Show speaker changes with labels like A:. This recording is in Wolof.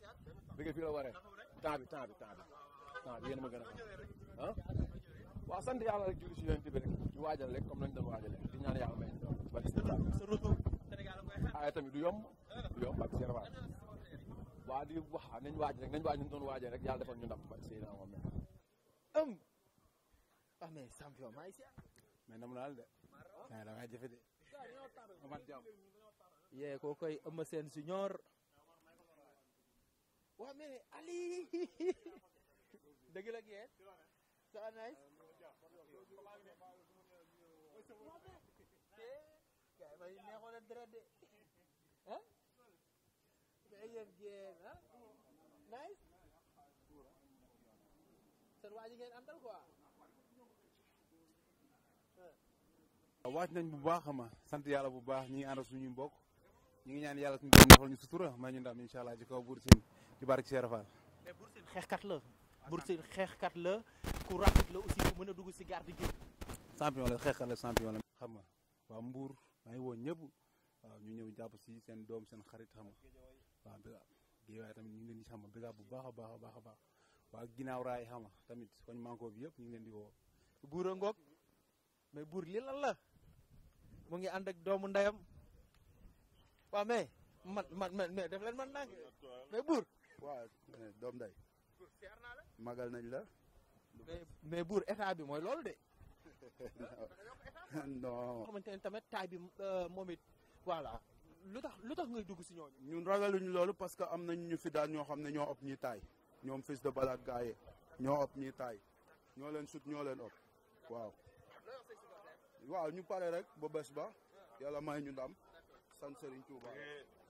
A: gars yi bëgg fi la waree temps bi temps bi temps bi temps bi yéen ma a xam ah waaw sant yàlla rek julli si yéen bi rek ñu waajal rek comme nañ doon waajale di ñaan yàlla may bari ay tamit du yomb du yomb waa di wax nañ waaj rek nañ waaj ñu doon waajal rek yàlla defal ñu ndam bari seen am
B: am ah mais champion maa ngi mais nam naal de da ngay jafe de amat jàmm yee koo koy Eumeu Sène
A: waa mene ali
B: dëgg la so a nice kay may nice seen ah.
A: waa ji ngeen àndal quoi
B: waaj nañ bu baax ma sant yàlla bu baax ñi ngi ànd suñu mbokk ñu ngi ñaan yàlla suñu borom defal ñu sutura may ñu ndam incha allah ci kaw Bour Sine ci barke Cheikh Fall. xeexkat la. Bour ku rapide la aussi mën a dugg si garde gi. champion la xeexkat la champion la. xam nga waa mbuur maa ngi woo ñëpp waaw ñu ñëw jàpp si seen doom seen xarit xam nga waaw bi géewaay ñu ngi leen di xam nga bégaab bu baax a baax a baax a baax waa ginnaaw raay xam nga tamit koñ mankoo bi yëpp ñu ngi leen di woo. Buur a ngoog mais buur li lan la mu ngi ànd ak doomu ndeyam waa mais man man man def leen man nang mais buur doom day magal nañ la mais mais buur état bi mooy loolu de non xamante ne tamit taay bi euh, moom it voilà lu tax lu tax ngay dugg si ñooñu ñun ragaluñ loolu parce que am nañ ñu fi ñoo xam ne ñoo ëpp ñi taay ñoom fils de balaat gaaye ñoo ëpp ñi taay ñoo leen sut ñoo leen ëpp waaw waaw ñu pare rek ba bés ba yàlla may ñu ndam sant Serigne Touba. Eh,